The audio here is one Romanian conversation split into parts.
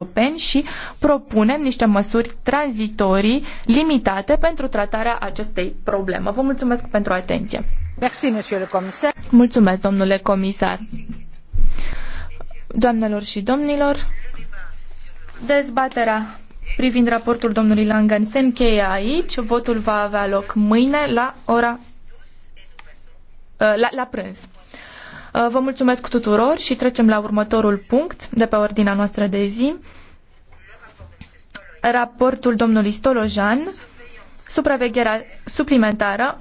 europeni și propunem niște măsuri tranzitorii limitate pentru tratarea acestei probleme. Vă mulțumesc pentru atenție. Mulțumesc, domnule comisar. Doamnelor și domnilor, dezbaterea privind raportul domnului Langan se încheie aici. Votul va avea loc mâine la ora ă, la, la prânz. Uh, vă mulțumesc tuturor și trecem la următorul punct de pe ordinea noastră de zi. Raportul domnului Stolojan, supravegherea suplimentară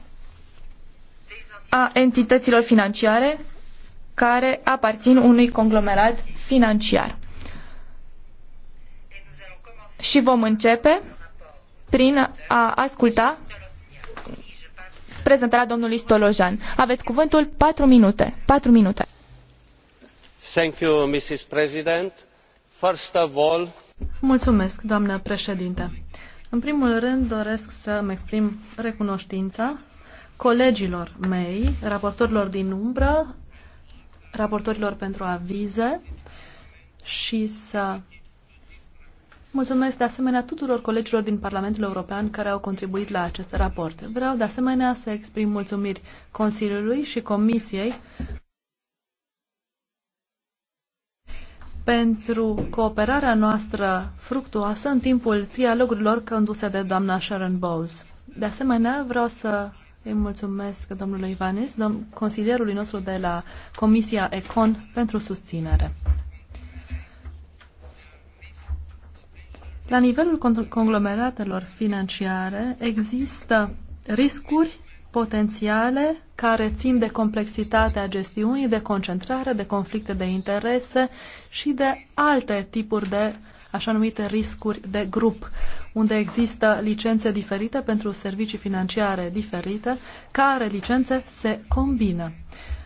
a entităților financiare care aparțin unui conglomerat financiar. Și vom începe prin a asculta prezentarea domnului Stolojan. Aveți cuvântul 4 minute. 4 minute. Thank you, Mrs. President. First of all... Mulțumesc, doamnă președinte. În primul rând doresc să-mi exprim recunoștința colegilor mei, raportorilor din umbră, raportorilor pentru avize și să Mulțumesc de asemenea tuturor colegilor din Parlamentul European care au contribuit la acest raport. Vreau de asemenea să exprim mulțumiri Consiliului și Comisiei pentru cooperarea noastră fructuoasă în timpul trialogurilor conduse de doamna Sharon Bowles. De asemenea, vreau să îi mulțumesc domnului Ivanis, domn consilierului nostru de la Comisia Econ, pentru susținere. La nivelul conglomeratelor financiare există riscuri potențiale care țin de complexitatea gestiunii, de concentrare, de conflicte de interese și de alte tipuri de așa numite riscuri de grup, unde există licențe diferite pentru servicii financiare diferite, care licențe se combină.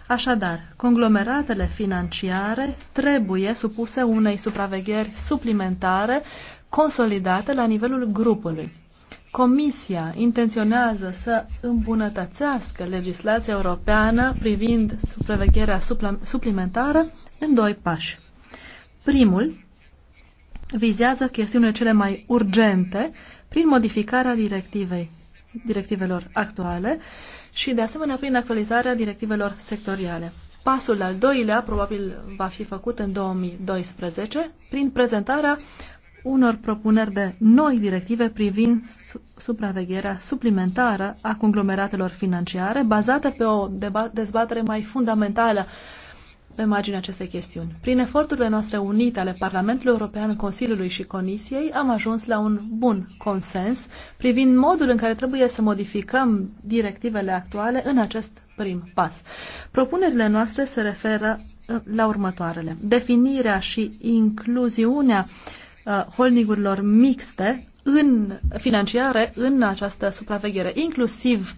Așadar, conglomeratele financiare trebuie supuse unei supravegheri suplimentare consolidată la nivelul grupului. Comisia intenționează să îmbunătățească legislația europeană privind supravegherea suplimentară în doi pași. Primul vizează chestiunile cele mai urgente prin modificarea directivei, directivelor actuale și, de asemenea, prin actualizarea directivelor sectoriale. Pasul al doilea probabil va fi făcut în 2012 prin prezentarea unor propuneri de noi directive privind supravegherea suplimentară a conglomeratelor financiare, bazată pe o dezbatere mai fundamentală pe marginea acestei chestiuni. Prin eforturile noastre unite ale Parlamentului European, Consiliului și Comisiei, am ajuns la un bun consens privind modul în care trebuie să modificăm directivele actuale în acest prim pas. Propunerile noastre se referă uh, la următoarele. Definirea și incluziunea uh, Uh, holdingurilor mixte în financiare în această supraveghere, inclusiv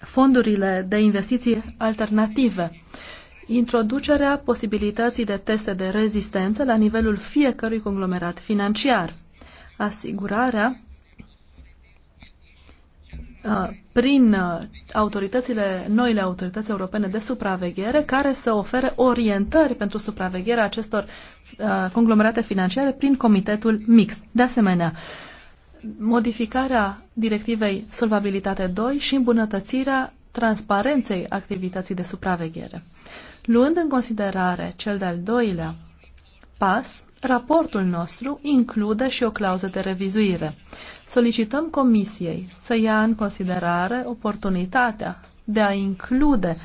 fondurile de investiții alternative, introducerea posibilității de teste de rezistență la nivelul fiecărui conglomerat financiar, asigurarea Uh, prin uh, autoritățile, noile autorități europene de supraveghere, care să ofere orientări pentru supravegherea acestor uh, conglomerate financiare prin comitetul mixt. De asemenea, modificarea directivei Solvabilitate 2 și îmbunătățirea transparenței activității de supraveghere. Luând în considerare cel de-al doilea pas, Raportul nostru include și o clauză de revizuire. Solicităm Comisiei să ia în considerare oportunitatea de a include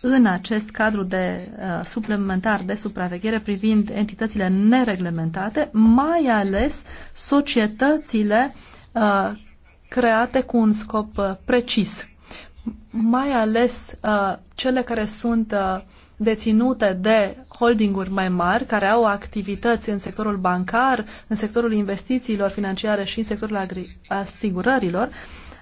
în acest cadru de uh, suplimentar de supraveghere privind entitățile nereglementate, mai ales societățile uh, create cu un scop uh, precis, mai ales uh, cele care sunt uh, deținute de holdinguri mai mari care au activități în sectorul bancar, în sectorul investițiilor financiare și în sectorul asigurărilor,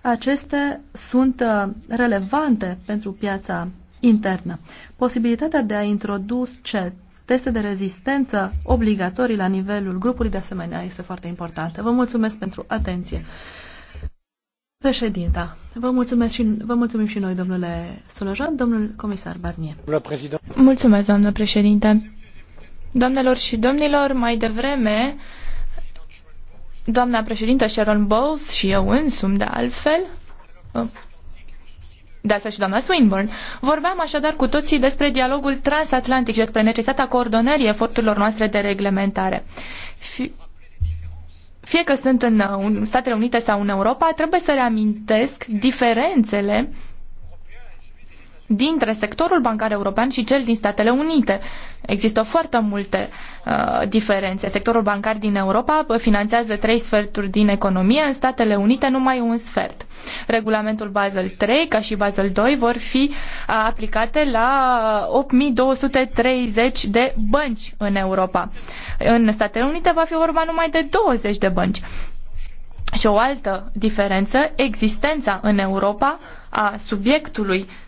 acestea sunt uh, relevante pentru piața internă. Posibilitatea de a introduce teste de rezistență obligatorii la nivelul grupului de asemenea este foarte importantă. Vă mulțumesc pentru atenție. Președinta, vă, mulțumesc și, vă mulțumim și noi, domnule Stolojan, domnul comisar Barnier. Mulțumesc, doamnă președinte. Doamnelor și domnilor, mai devreme, doamna președintă Sharon Bowles și eu însumi, de altfel, de altfel și doamna Swinburne. Vorbeam așadar cu toții despre dialogul transatlantic și despre necesitatea coordonării eforturilor noastre de reglementare. Fi fie că sunt în Statele Unite sau în Europa, trebuie să reamintesc diferențele dintre sectorul bancar european și cel din Statele Unite. Există foarte multe uh, diferențe. Sectorul bancar din Europa finanțează trei sferturi din economie, în Statele Unite numai un sfert. Regulamentul Basel III, ca și Basel II vor fi uh, aplicate la 8230 de bănci în Europa. În Statele Unite va fi vorba numai de 20 de bănci. Și o altă diferență, existența în Europa a subiectului uh,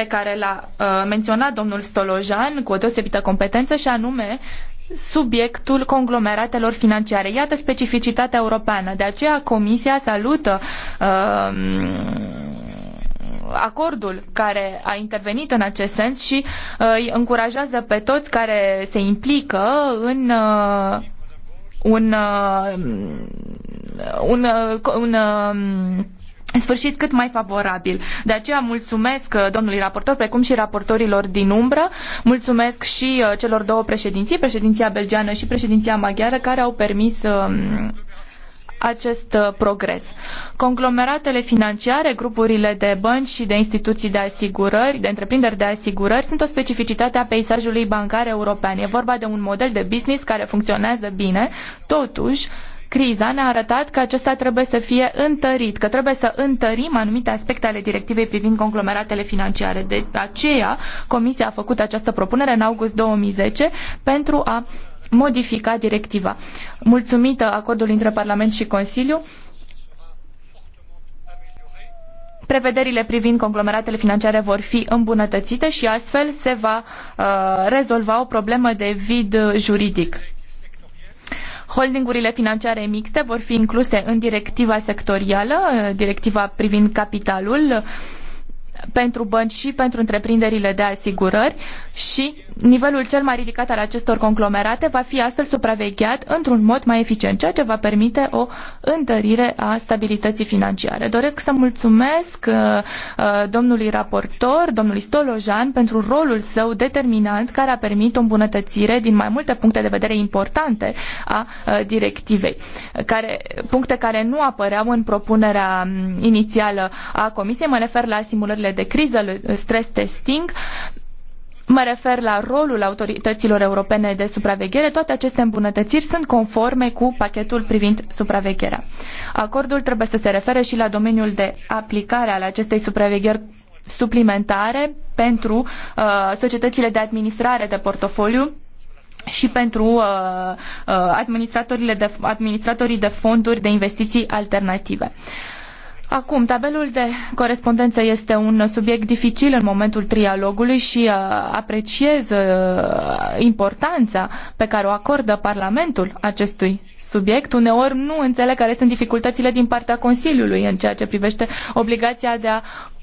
pe care l-a uh, menționat domnul Stolojan cu o deosebită competență și anume subiectul conglomeratelor financiare. Iată specificitatea europeană. De aceea Comisia salută uh, acordul care a intervenit în acest sens și uh, îi încurajează pe toți care se implică în uh, un, uh, un, uh, un sfârșit cât mai favorabil. De aceea mulțumesc uh, domnului raportor, precum și raportorilor din umbră, mulțumesc și uh, celor două președinții, președinția belgeană și președinția maghiară, care au permis um, acest uh, progres. Conglomeratele financiare, grupurile de bănci și de instituții de asigurări, de întreprinderi de asigurări, sunt o specificitate a peisajului bancar european. E vorba de un model de business care funcționează bine, totuși Criza ne-a arătat că acesta trebuie să fie întărit, că trebuie să întărim anumite aspecte ale directivei privind conglomeratele financiare. De aceea, Comisia a făcut această propunere în august 2010 pentru a modifica directiva. Mulțumită acordului între Parlament și Consiliu, prevederile privind conglomeratele financiare vor fi îmbunătățite și astfel se va uh, rezolva o problemă de vid juridic. Holdingurile financiare mixte vor fi incluse în directiva sectorială, directiva privind capitalul, pentru bănci și pentru întreprinderile de asigurări și nivelul cel mai ridicat al acestor conglomerate va fi astfel supravegheat într-un mod mai eficient, ceea ce va permite o întărire a stabilității financiare. Doresc să mulțumesc uh, uh, domnului raportor, domnului Stolojan, pentru rolul său determinant care a permis o îmbunătățire din mai multe puncte de vedere importante a uh, directivei, care, puncte care nu apăreau în propunerea mm, inițială a Comisiei. Mă refer la simulările de crizele stress testing, Mă refer la rolul autorităților europene de supraveghere. Toate aceste îmbunătățiri sunt conforme cu pachetul privind supravegherea. Acordul trebuie să se refere și la domeniul de aplicare al acestei supravegheri suplimentare pentru uh, societățile de administrare de portofoliu și pentru uh, uh, administratorile de, administratorii de fonduri de investiții alternative. Uh, Acum, tabelul de corespondență este un subiect dificil în momentul trialogului și uh, apreciez uh, importanța pe care o acordă Parlamentul acestui subiect. Uneori nu înțeleg care sunt dificultățile din partea Consiliului în ceea ce privește obligația de a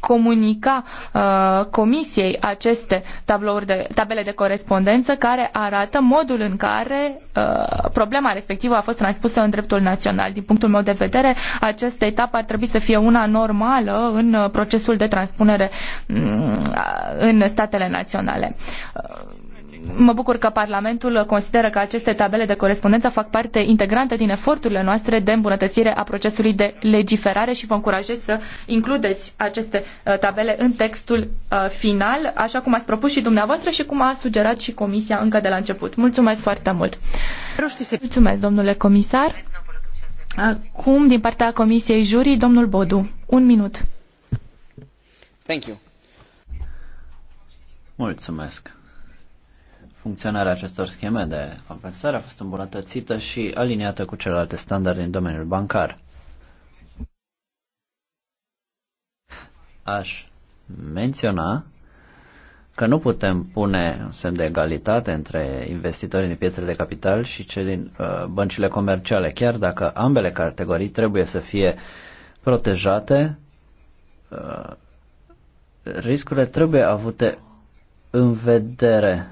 comunica uh, comisiei aceste tablouri de, tabele de corespondență care arată modul în care uh, problema respectivă a fost transpusă în dreptul național. Din punctul meu de vedere, această etapă ar trebui să fie una normală în uh, procesul de transpunere uh, în statele naționale. Uh, Mă bucur că Parlamentul consideră că aceste tabele de corespondență fac parte integrantă din eforturile noastre de îmbunătățire a procesului de legiferare și vă încurajez să includeți aceste uh, tabele în textul uh, final, așa cum ați propus și dumneavoastră și cum a sugerat și Comisia încă de la început. Mulțumesc foarte mult! Mulțumesc, domnule comisar! Acum, din partea Comisiei Jurii, domnul Bodu. Un minut. Thank you. Mulțumesc. Funcționarea acestor scheme de compensare a fost îmbunătățită și aliniată cu celelalte standarde în domeniul bancar. Aș menționa că nu putem pune un semn de egalitate între investitorii din piețele de capital și cei din uh, băncile comerciale, chiar dacă ambele categorii trebuie să fie protejate, uh, riscurile trebuie avute în vedere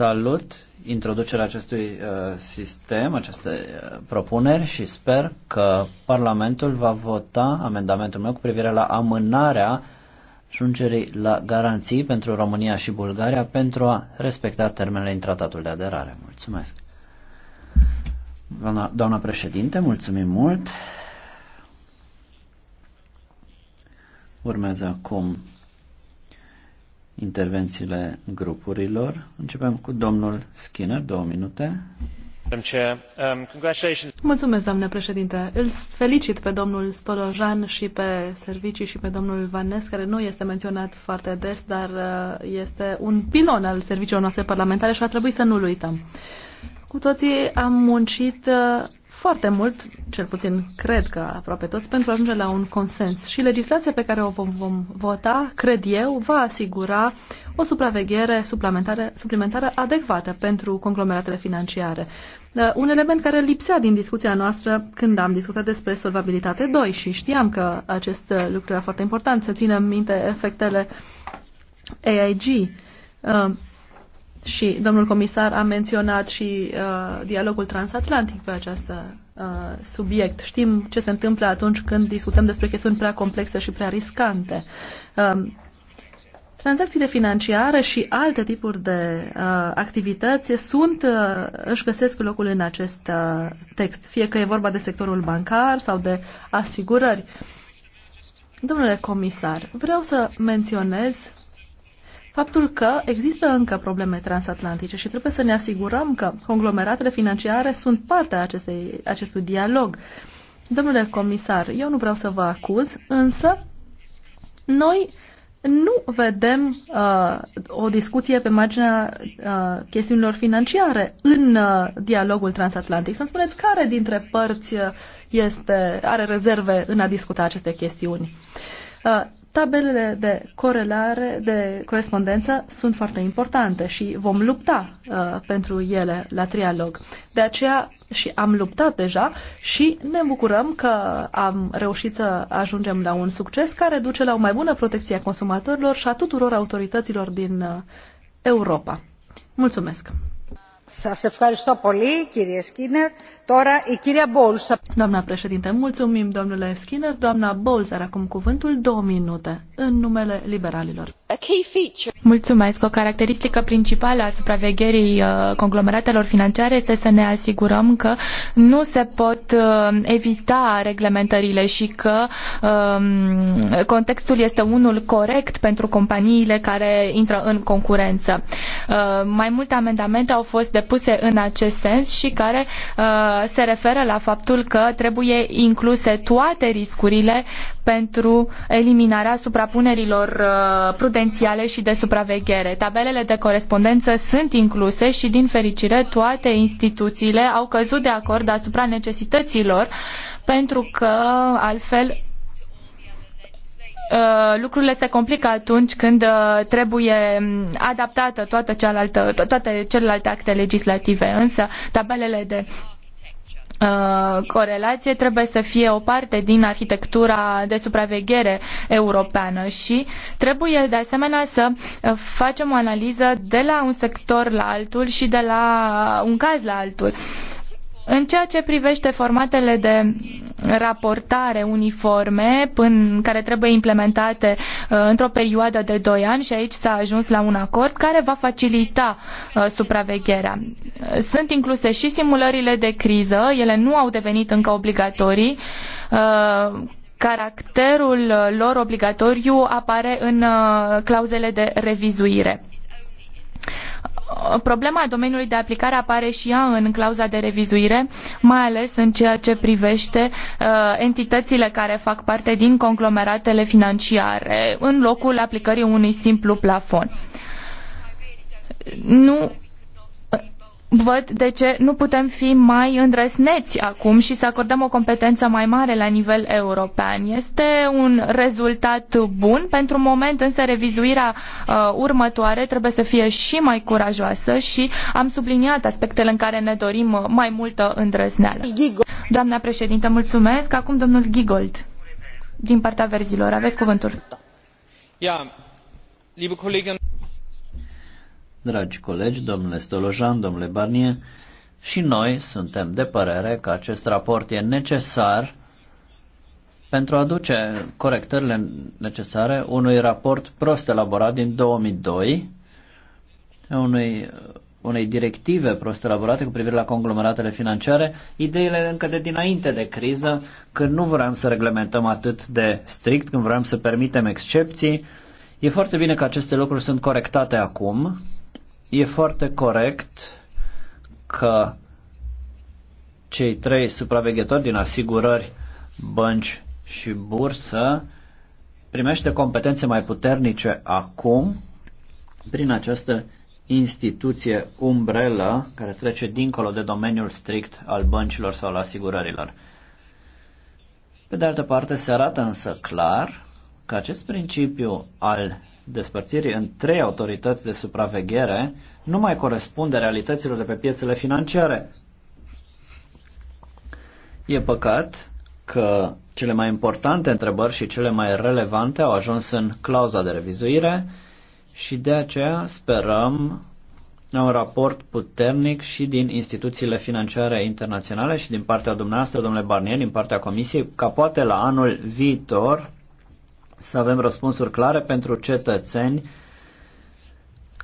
Salut introducerea acestui uh, sistem, aceste uh, propuneri și sper că Parlamentul va vota amendamentul meu cu privire la amânarea ajungerii la garanții pentru România și Bulgaria pentru a respecta termenele în tratatul de aderare. Mulțumesc. Doamna, doamna președinte, mulțumim mult. Urmează acum intervențiile grupurilor. Începem cu domnul Skinner, două minute. Um, Mulțumesc, doamne președinte. Îl felicit pe domnul Stolojan și pe servicii și pe domnul Vanes, care nu este menționat foarte des, dar uh, este un pilon al serviciilor noastre parlamentare și ar trebui să nu-l uităm. Cu toții am muncit uh, foarte mult, cel puțin cred că aproape toți, pentru a ajunge la un consens. Și legislația pe care o vom, vom vota, cred eu, va asigura o supraveghere suplimentară, suplimentară adecvată pentru conglomeratele financiare. Uh, un element care lipsea din discuția noastră când am discutat despre solvabilitate 2 și știam că acest lucru era foarte important, să ținem minte efectele AIG uh, și domnul comisar a menționat și uh, dialogul transatlantic pe acest uh, subiect. Știm ce se întâmplă atunci când discutăm despre chestiuni prea complexe și prea riscante. Uh, Tranzacțiile financiare și alte tipuri de uh, activități sunt, uh, își găsesc locul în acest uh, text, fie că e vorba de sectorul bancar sau de asigurări. Domnule comisar, vreau să menționez faptul că există încă probleme transatlantice și trebuie să ne asigurăm că conglomeratele financiare sunt parte a acestei, acestui dialog. Domnule comisar, eu nu vreau să vă acuz, însă noi nu vedem uh, o discuție pe marginea uh, chestiunilor financiare în uh, dialogul transatlantic. Să-mi spuneți care dintre părți uh, este, are rezerve în a discuta aceste chestiuni. Uh, Tabelele de corelare, de corespondență sunt foarte importante și vom lupta uh, pentru ele la trialog. De aceea și am luptat deja și ne bucurăm că am reușit să ajungem la un succes care duce la o mai bună protecție a consumatorilor și a tuturor autorităților din uh, Europa. Mulțumesc! Σας ευχαριστώ πολύ, κύριε Doamna președinte, mulțumim, domnule Skinner. Doamna Bowles are acum cuvântul două minute în numele liberalilor. Mulțumesc. O caracteristică principală a supravegherii uh, conglomeratelor financiare este să ne asigurăm că nu se pot uh, evita reglementările și că um, contextul este unul corect pentru companiile care intră în concurență. Uh, mai multe amendamente au fost depuse în acest sens și care se referă la faptul că trebuie incluse toate riscurile pentru eliminarea suprapunerilor uh, prudențiale și de supraveghere. Tabelele de corespondență sunt incluse și, din fericire, toate instituțiile au căzut de acord asupra necesităților pentru că altfel uh, lucrurile se complică atunci când uh, trebuie mm, adaptată toată cealaltă, toate celelalte acte legislative. Însă tabelele de Uh, corelație trebuie să fie o parte din arhitectura de supraveghere europeană și trebuie de asemenea să uh, facem o analiză de la un sector la altul și de la un caz la altul. În ceea ce privește formatele de raportare uniforme până, care trebuie implementate uh, într-o perioadă de doi ani și aici s-a ajuns la un acord care va facilita uh, supravegherea. Sunt incluse și simulările de criză, ele nu au devenit încă obligatorii uh, caracterul lor obligatoriu apare în clauzele de revizuire problema domeniului de aplicare apare și ea în clauza de revizuire, mai ales în ceea ce privește uh, entitățile care fac parte din conglomeratele financiare, în locul aplicării unui simplu plafon. Nu văd de ce nu putem fi mai îndrăzneți acum și să acordăm o competență mai mare la nivel european. Este un rezultat bun, pentru moment însă revizuirea uh, următoare trebuie să fie și mai curajoasă și am subliniat aspectele în care ne dorim mai multă îndrăzneală. Doamna președintă, mulțumesc. Acum domnul Gigold, din partea verzilor. Aveți cuvântul. Ja, liebe Kolleginnen Dragi colegi, domnule Stolojan, domnule Barnier, și noi suntem de părere că acest raport e necesar pentru a aduce corectările necesare unui raport prost elaborat din 2002, unui, unei directive prost elaborate cu privire la conglomeratele financiare, ideile încă de dinainte de criză, când nu vrem să reglementăm atât de strict, când vrem să permitem excepții. E foarte bine că aceste lucruri sunt corectate acum, E foarte corect că cei trei supraveghetori din asigurări, bănci și bursă primește competențe mai puternice acum prin această instituție umbrelă care trece dincolo de domeniul strict al băncilor sau al asigurărilor. Pe de altă parte, se arată însă clar că acest principiu al despărțirii în trei autorități de supraveghere nu mai corespunde realităților de pe piețele financiare. E păcat că cele mai importante întrebări și cele mai relevante au ajuns în clauza de revizuire și de aceea sperăm un raport puternic și din instituțiile financiare internaționale și din partea dumneavoastră, domnule Barnier, din partea Comisiei, ca poate la anul viitor să avem răspunsuri clare pentru cetățeni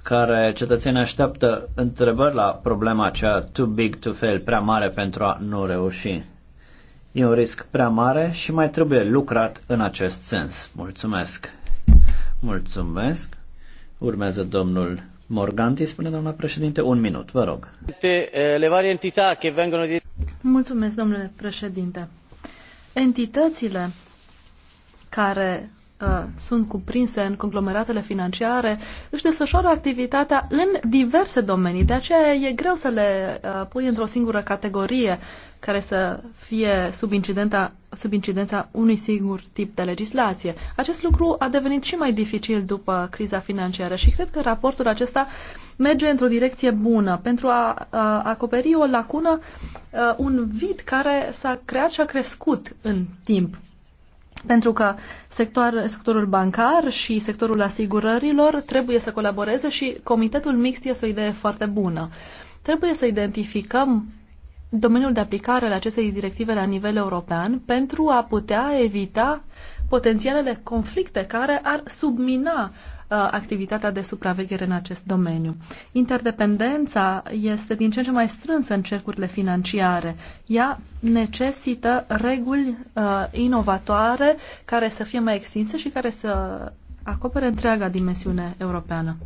care cetățenii așteaptă întrebări la problema aceea too big to fail, prea mare pentru a nu reuși. E un risc prea mare și mai trebuie lucrat în acest sens. Mulțumesc! Mulțumesc! Urmează domnul Morganti, spune doamna președinte, un minut, vă rog. Mulțumesc, domnule președinte. Entitățile care Uh, sunt cuprinse în conglomeratele financiare își desfășoară activitatea în diverse domenii. De aceea e greu să le uh, pui într-o singură categorie care să fie sub, incidenta, sub incidența unui singur tip de legislație. Acest lucru a devenit și mai dificil după criza financiară și cred că raportul acesta merge într-o direcție bună pentru a, a acoperi o lacună, a, uh, un vid care s-a creat și a crescut în timp pentru că sector, sectorul bancar și sectorul asigurărilor trebuie să colaboreze și comitetul mixt este o idee foarte bună. Trebuie să identificăm domeniul de aplicare al acestei directive la nivel european pentru a putea evita potențialele conflicte care ar submina Uh, activitatea de supraveghere în acest domeniu. Interdependența este din ce în ce mai strânsă în cercurile financiare. Ea necesită reguli uh, inovatoare care să fie mai extinse și care să acopere întreaga dimensiune europeană.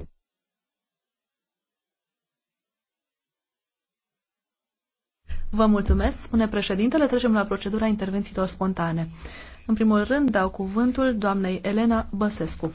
Vă mulțumesc, spune președintele. Trecem la procedura intervențiilor spontane. În primul rând, dau cuvântul doamnei Elena Băsescu.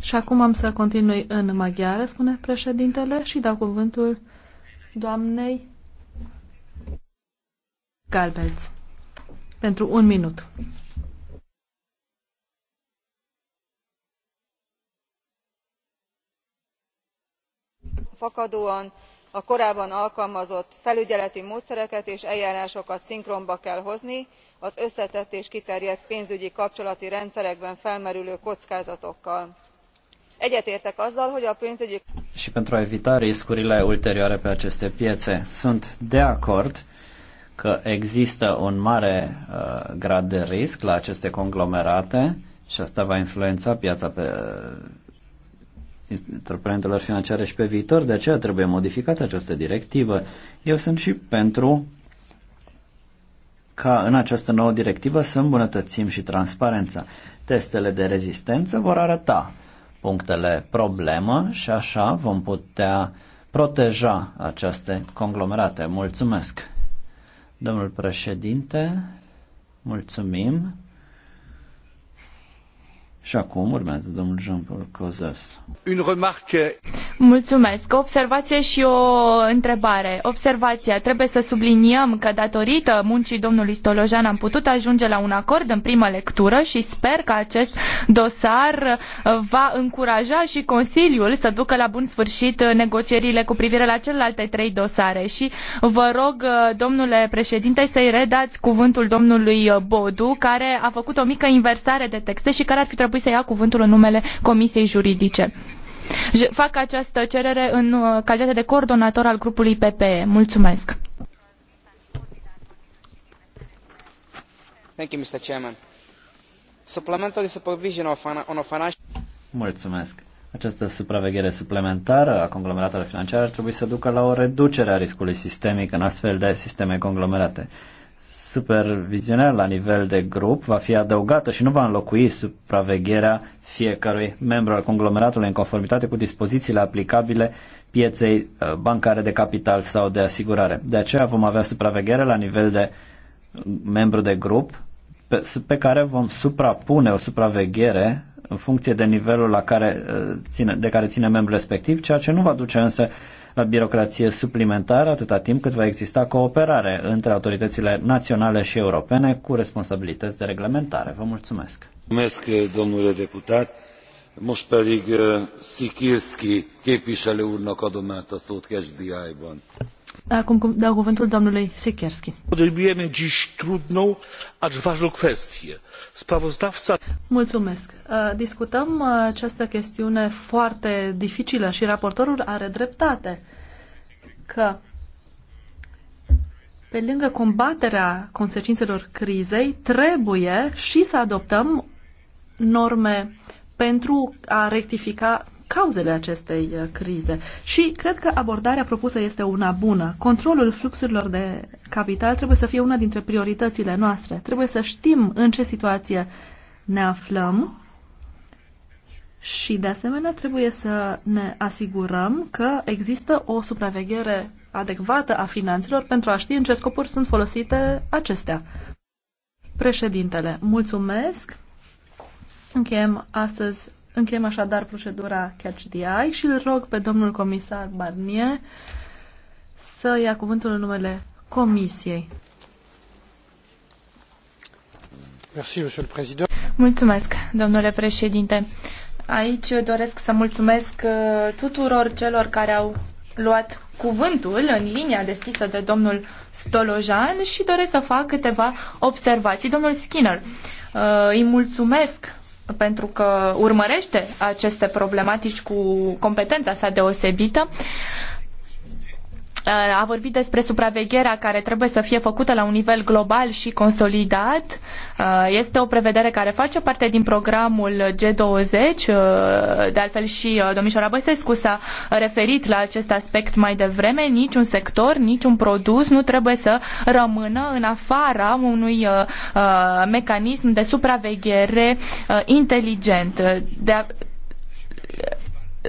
și acum am să continui în maghiară, spune președintele, și dau cuvântul doamnei Galbelț pentru un minut. fakadóan a korábban alkalmazott felügyeleti módszereket és eljárásokat szinkronba kell hozni az összetett és kiterjedt pénzügyi kapcsolati rendszerekben felmerülő kockázatokkal. egyetértek azzal hogy a pénzügyi. și pentru a evita riscurile ulterioare pe aceste piețe sunt de acord că există un mare uh, grad de risc la aceste conglomerate și asta va influența piața pe, uh, instrumentelor financiare și pe viitor, de aceea trebuie modificată această directivă. Eu sunt și pentru ca în această nouă directivă să îmbunătățim și transparența. Testele de rezistență vor arăta punctele problemă și așa vom putea proteja aceste conglomerate. Mulțumesc! Domnul președinte, mulțumim! Și acum urmează domnul Jean-Paul Cozas. Une remarque. Mulțumesc. O observație și o întrebare. Observația. Trebuie să subliniem că datorită muncii domnului Stolojan am putut ajunge la un acord în primă lectură și sper că acest dosar uh, va încuraja și Consiliul să ducă la bun sfârșit uh, negocierile cu privire la celelalte trei dosare. Și vă rog, uh, domnule președinte, să-i redați cuvântul domnului Bodu, care a făcut o mică inversare de texte și care ar fi trebuit trebui să ia cuvântul în numele Comisiei Juridice. Fac această cerere în uh, calitate de coordonator al grupului PPE. Mulțumesc. Thank you, Mr. Chairman. Supplementary supervision of, on a financial... Mulțumesc. Această supraveghere suplimentară a conglomeratelor financiare ar trebui să ducă la o reducere a riscului sistemic în astfel de sisteme conglomerate supervizionare la nivel de grup va fi adăugată și nu va înlocui supravegherea fiecărui membru al conglomeratului în conformitate cu dispozițiile aplicabile pieței uh, bancare de capital sau de asigurare. De aceea vom avea supraveghere la nivel de uh, membru de grup pe, care vom suprapune o supraveghere în funcție de nivelul la care, uh, ține, de care ține membrul respectiv, ceea ce nu va duce însă la birocrație suplimentară atâta timp cât va exista cooperare între autoritățile naționale și europene cu responsabilități de reglementare. Vă mulțumesc! Mulțumesc, domnule deputat! Most pedig eh, Szikirszki képviselő úrnak adom át a szót Kesdiájban. Acum dau cuvântul domnului Sikierski. Podejmujemy dziś trudną, acz ważną kwestię. Sprawozdawca... Mulțumesc. Discutăm această chestiune foarte dificilă și raportorul are dreptate că pe lângă combaterea consecințelor crizei, trebuie și să adoptăm norme pentru a rectifica cauzele acestei uh, crize. Și cred că abordarea propusă este una bună. Controlul fluxurilor de capital trebuie să fie una dintre prioritățile noastre. Trebuie să știm în ce situație ne aflăm și, de asemenea, trebuie să ne asigurăm că există o supraveghere adecvată a finanțelor pentru a ști în ce scopuri sunt folosite acestea. Președintele, mulțumesc! Încheiem astăzi Încheiem așadar procedura Catch the Eye și îl rog pe domnul comisar Barnier să ia cuvântul în numele Comisiei. Mulțumesc, domnule președinte. Aici doresc să mulțumesc uh, tuturor celor care au luat cuvântul în linia deschisă de domnul Stolojan și doresc să fac câteva observații. Domnul Skinner, uh, îi mulțumesc pentru că urmărește aceste problematici cu competența sa deosebită. Uh, a vorbit despre supravegherea care trebuie să fie făcută la un nivel global și consolidat. Uh, este o prevedere care face parte din programul G20, uh, de altfel și uh, domnișoara Băsescu s-a referit la acest aspect mai devreme. Niciun sector, niciun produs nu trebuie să rămână în afara unui mecanism de supraveghere inteligent. De a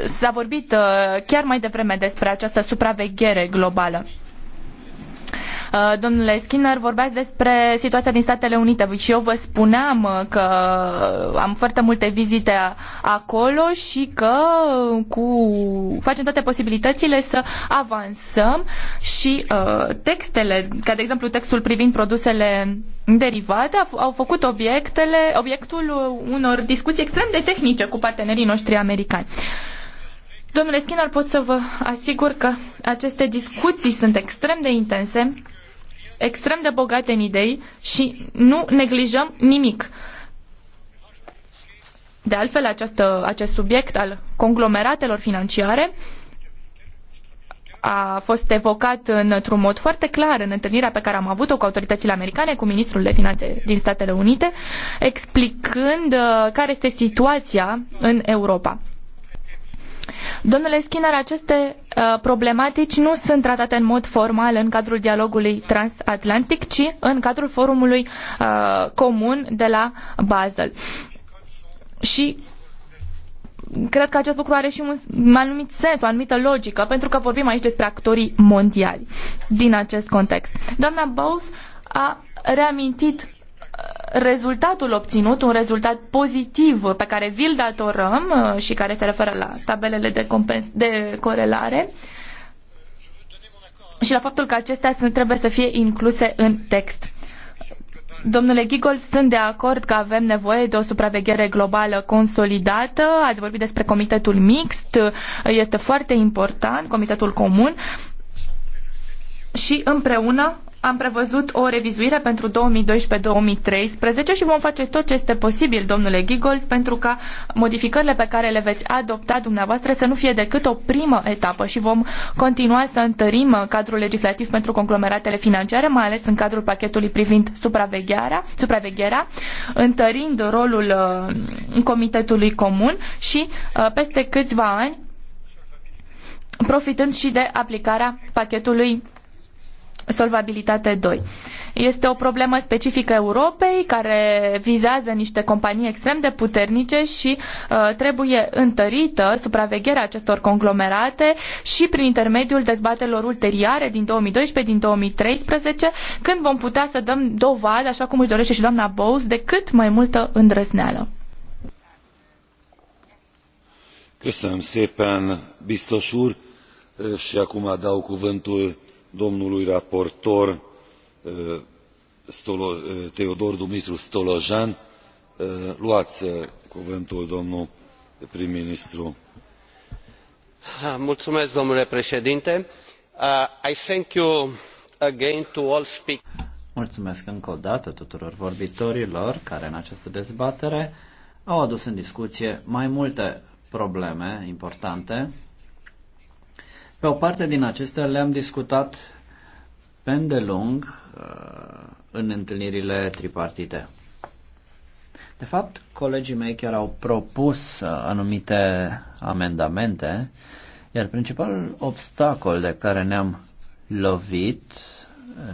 S-a vorbit uh, chiar mai devreme despre această supraveghere globală. Uh, domnule Skinner, vorbeați despre situația din Statele Unite și eu vă spuneam uh, că am foarte multe vizite acolo și că cu... facem toate posibilitățile să avansăm și uh, textele, ca de exemplu textul privind produsele derivate, au făcut obiectele, obiectul unor discuții extrem de tehnice cu partenerii noștri americani. Uh, Domnule Skinner, pot să vă asigur că aceste discuții sunt extrem de intense, extrem de bogate în idei și nu neglijăm nimic. De altfel, această, acest subiect al conglomeratelor financiare a fost evocat într-un mod foarte clar în întâlnirea pe care am avut-o cu autoritățile americane, cu ministrul de finanțe din Statele Unite, explicând uh, care este situația în Europa. Domnule Skinner, aceste uh, problematici nu sunt tratate în mod formal în cadrul dialogului transatlantic, ci în cadrul forumului uh, comun de la Basel. Și cred că acest lucru are și un anumit sens, o anumită logică, pentru că vorbim aici despre actorii mondiali din acest context. Doamna Bowles a reamintit rezultatul obținut, un rezultat pozitiv pe care vi-l datorăm uh, și care se referă la tabelele de, compens- de corelare și la faptul că acestea trebuie să fie incluse în text. Domnule Gigol, sunt de acord că avem nevoie de o supraveghere globală consolidată. Ați vorbit despre comitetul mixt, este foarte important, comitetul comun. Și împreună am prevăzut o revizuire pentru 2012-2013 și vom face tot ce este posibil, domnule Gigold, pentru ca modificările pe care le veți adopta dumneavoastră să nu fie decât o primă etapă și vom continua să întărim cadrul legislativ pentru conglomeratele financiare, mai ales în cadrul pachetului privind supravegherea, supravegherea întărind rolul uh, Comitetului Comun și uh, peste câțiva ani profitând și de aplicarea pachetului Solvabilitate 2. Este o problemă specifică Europei care vizează niște companii extrem de puternice și uh, trebuie întărită supravegherea acestor conglomerate și prin intermediul dezbatelor ulterioare din 2012, din 2013, când vom putea să dăm dovadă, așa cum își dorește și doamna Bowes, de cât mai multă îndrăzneală. Köszönöm szépen, biztos și acum dau cuvântul domnului raportor uh, uh, teodor dumitru stolojan uh, luați cuvântul domnul prim ministru. Ah, mulțumesc, domnule președinte. Uh, I thank you again to all speakers. Mulțumesc încă o dată tuturor vorbitorilor care în această dezbatere au adus în discuție mai multe probleme importante pe o parte din acestea le-am discutat pe îndelung uh, în întâlnirile tripartite. De fapt, colegii mei chiar au propus uh, anumite amendamente, iar principalul obstacol de care ne-am lovit,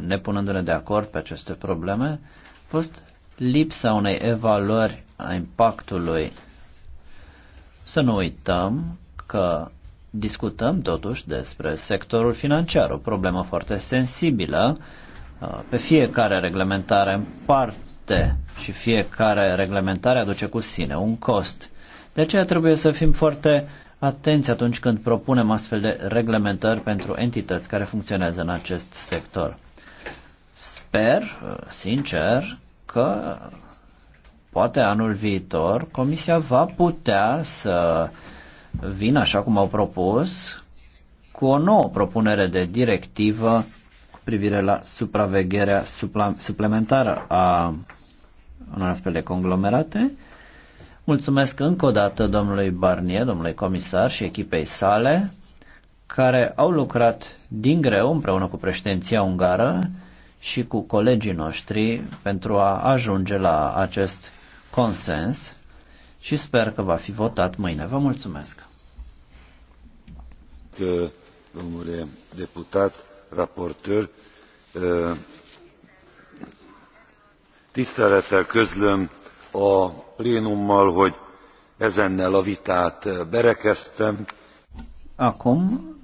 nepunându-ne de acord pe aceste probleme, a fost lipsa unei evaluări a impactului. Să nu uităm că discutăm totuși despre sectorul financiar, o problemă foarte sensibilă. Uh, pe fiecare reglementare în parte și fiecare reglementare aduce cu sine un cost. De aceea trebuie să fim foarte atenți atunci când propunem astfel de reglementări pentru entități care funcționează în acest sector. Sper, uh, sincer, că poate anul viitor Comisia va putea să uh, vin, așa cum au propus, cu o nouă propunere de directivă cu privire la supravegherea suplimentară a unor astfel de conglomerate. Mulțumesc încă o dată domnului Barnier, domnului comisar și echipei sale, care au lucrat din greu împreună cu președinția ungară și cu colegii noștri pentru a ajunge la acest consens și sper că va fi votat mâine. Vă mulțumesc! domnule deputat raportor, ă, tisztelettel közlöm a plénummal hogy ezennel a vitát ă, berekeztem. acum